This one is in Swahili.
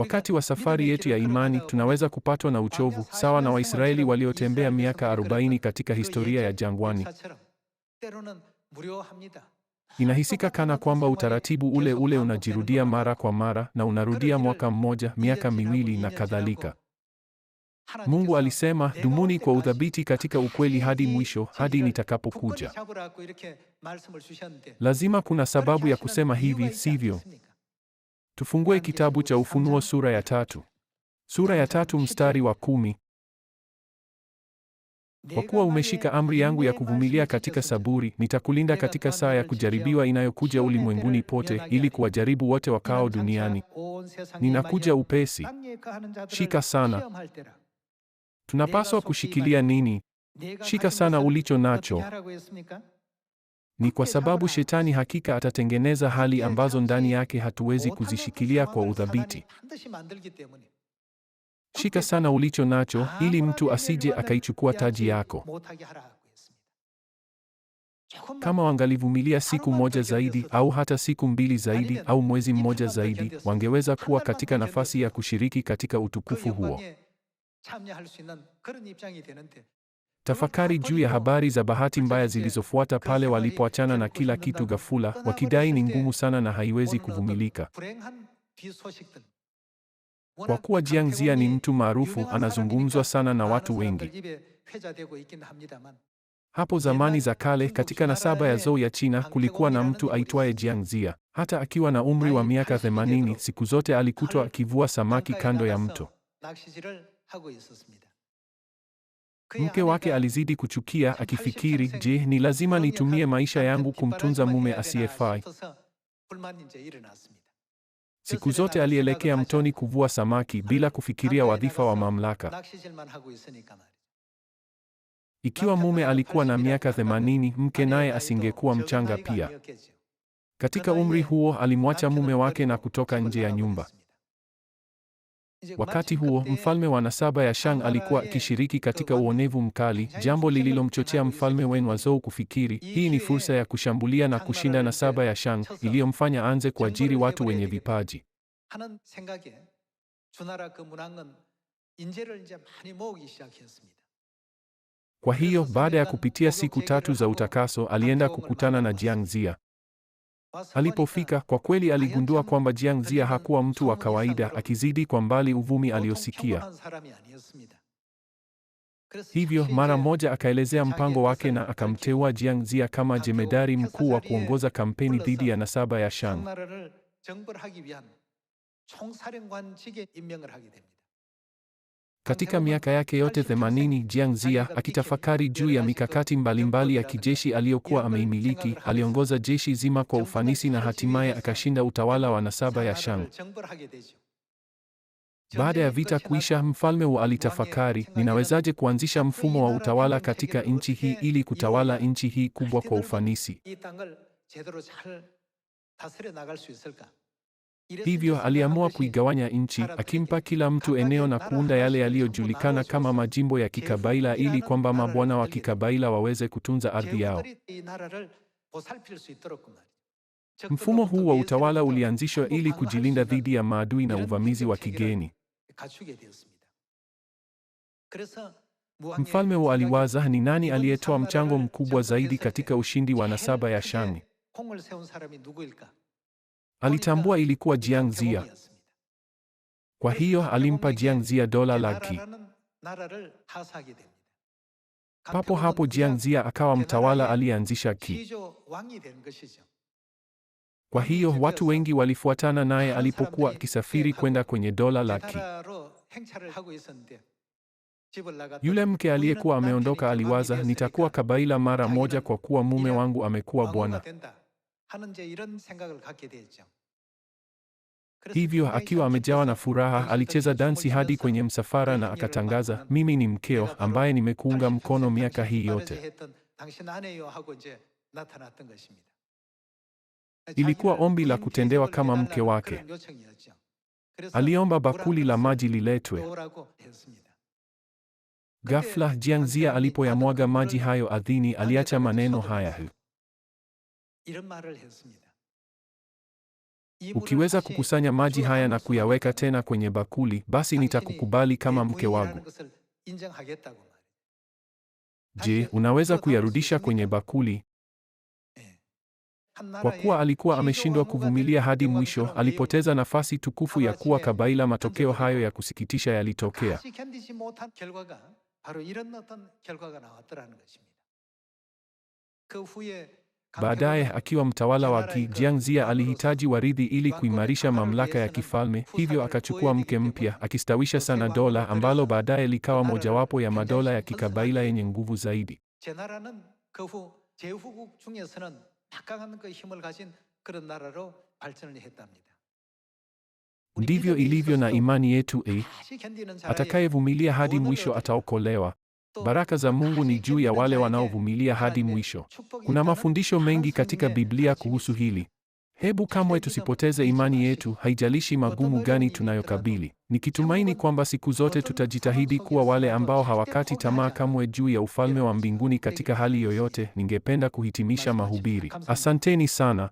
Wakati wa safari yetu ya imani tunaweza kupatwa na uchovu sawa na Waisraeli waliotembea miaka 40 katika historia ya jangwani. Inahisika kana kwamba utaratibu ule ule unajirudia mara kwa mara na unarudia mwaka mmoja, miaka miwili na kadhalika. Mungu alisema, dumuni kwa uthabiti katika ukweli hadi mwisho, hadi nitakapokuja. Lazima kuna sababu ya kusema hivi, sivyo? Tufungue kitabu cha Ufunuo sura ya tatu, sura ya tatu mstari wa kumi. Kwa kuwa umeshika amri yangu ya kuvumilia katika saburi, nitakulinda katika saa ya kujaribiwa inayokuja ulimwenguni pote, ili kuwajaribu wote wakao duniani. Ninakuja upesi, shika sana. Tunapaswa kushikilia nini? Shika sana ulicho nacho. Ni kwa sababu shetani hakika atatengeneza hali ambazo ndani yake hatuwezi kuzishikilia kwa udhabiti. Shika sana ulicho nacho ili mtu asije akaichukua taji yako. Kama wangalivumilia siku moja zaidi au hata siku mbili zaidi au mwezi mmoja zaidi, wangeweza kuwa katika nafasi ya kushiriki katika utukufu huo. Tafakari juu ya habari za bahati mbaya zilizofuata pale walipoachana na kila kitu ghafula, wakidai ni ngumu sana na haiwezi kuvumilika. Kwa kuwa Jiang Ziya ni mtu maarufu, anazungumzwa sana na watu wengi. Hapo zamani za kale, katika nasaba ya Zhou ya China, kulikuwa na mtu aitwaye Jiang Ziya. Hata akiwa na umri wa miaka 80, siku zote alikutwa akivua samaki kando ya mto. Mke wake alizidi kuchukia akifikiri, je, ni lazima nitumie maisha yangu kumtunza mume asiyefai? Siku zote alielekea mtoni kuvua samaki bila kufikiria wadhifa wa mamlaka. Ikiwa mume alikuwa na miaka 80, mke naye asingekuwa mchanga pia. Katika umri huo alimwacha mume wake na kutoka nje ya nyumba. Wakati huo mfalme wa nasaba ya Shang alikuwa akishiriki katika uonevu mkali, jambo lililomchochea mfalme Wen wa Zhou kufikiri hii ni fursa ya kushambulia na kushinda nasaba ya Shang, iliyomfanya anze kuajiri watu wenye vipaji. Kwa hiyo baada ya kupitia siku tatu za utakaso, alienda kukutana na Jiang Zia. Alipofika kwa kweli aligundua kwamba Jiang Zia hakuwa mtu wa kawaida, akizidi kwa mbali uvumi aliosikia. Hivyo mara moja akaelezea mpango wake na akamteua Jiang Zia kama jemedari mkuu wa kuongoza kampeni dhidi ya nasaba ya Shang. Katika miaka yake yote themanini, Jiang Ziya akitafakari juu ya mikakati mbalimbali ya kijeshi aliyokuwa ameimiliki, aliongoza jeshi zima kwa ufanisi na hatimaye akashinda utawala wa nasaba ya Shang. Baada ya vita kuisha, mfalme wa alitafakari, ninawezaje kuanzisha mfumo wa utawala katika nchi hii ili kutawala nchi hii kubwa kwa ufanisi? Hivyo aliamua kuigawanya nchi, akimpa kila mtu eneo na kuunda yale yaliyojulikana kama majimbo ya kikabaila ili kwamba mabwana wa kikabaila waweze kutunza ardhi yao. Mfumo huu wa utawala ulianzishwa ili kujilinda dhidi ya maadui na uvamizi wa kigeni. Mfalme wa aliwaza ni nani aliyetoa mchango mkubwa zaidi katika ushindi wa nasaba ya Shami. Alitambua ilikuwa Jiang Zia. Kwa hiyo alimpa Jiang Zia dola laki. Papo hapo Jiang Zia akawa mtawala aliyeanzisha Qi. Kwa hiyo watu wengi walifuatana naye alipokuwa akisafiri kwenda kwenye dola la Qi. Yule mke aliyekuwa ameondoka aliwaza, nitakuwa kabaila mara moja kwa kuwa mume wangu amekuwa bwana. Hivyo akiwa amejawa na furaha, alicheza dansi hadi kwenye msafara na akatangaza, mimi ni mkeo ambaye nimekuunga mkono miaka hii yote. Ilikuwa ombi la kutendewa kama mke wake. Aliomba bakuli la maji liletwe. Ghafla, Jiangzia alipoyamwaga maji hayo ardhini, aliacha maneno haya: Ukiweza kukusanya maji haya na kuyaweka tena kwenye bakuli, basi nitakukubali kama mke wangu. Je, unaweza kuyarudisha kwenye bakuli? Kwa kuwa alikuwa ameshindwa kuvumilia hadi mwisho, alipoteza nafasi tukufu ya kuwa kabaila. Matokeo hayo ya kusikitisha yalitokea. Baadaye akiwa mtawala wa Kijiangzia alihitaji warithi ili kuimarisha mamlaka ya kifalme, hivyo akachukua mke mpya, akistawisha sana dola ambalo baadaye likawa mojawapo ya madola ya kikabaila yenye nguvu zaidi. Ndivyo ilivyo na imani yetu eh. Atakayevumilia hadi mwisho ataokolewa. Baraka za Mungu ni juu ya wale wanaovumilia hadi mwisho. Kuna mafundisho mengi katika Biblia kuhusu hili. Hebu kamwe tusipoteze imani yetu, haijalishi magumu gani tunayokabili, nikitumaini kwamba siku zote tutajitahidi kuwa wale ambao hawakati tamaa kamwe juu ya ufalme wa mbinguni katika hali yoyote. Ningependa kuhitimisha mahubiri. Asanteni sana.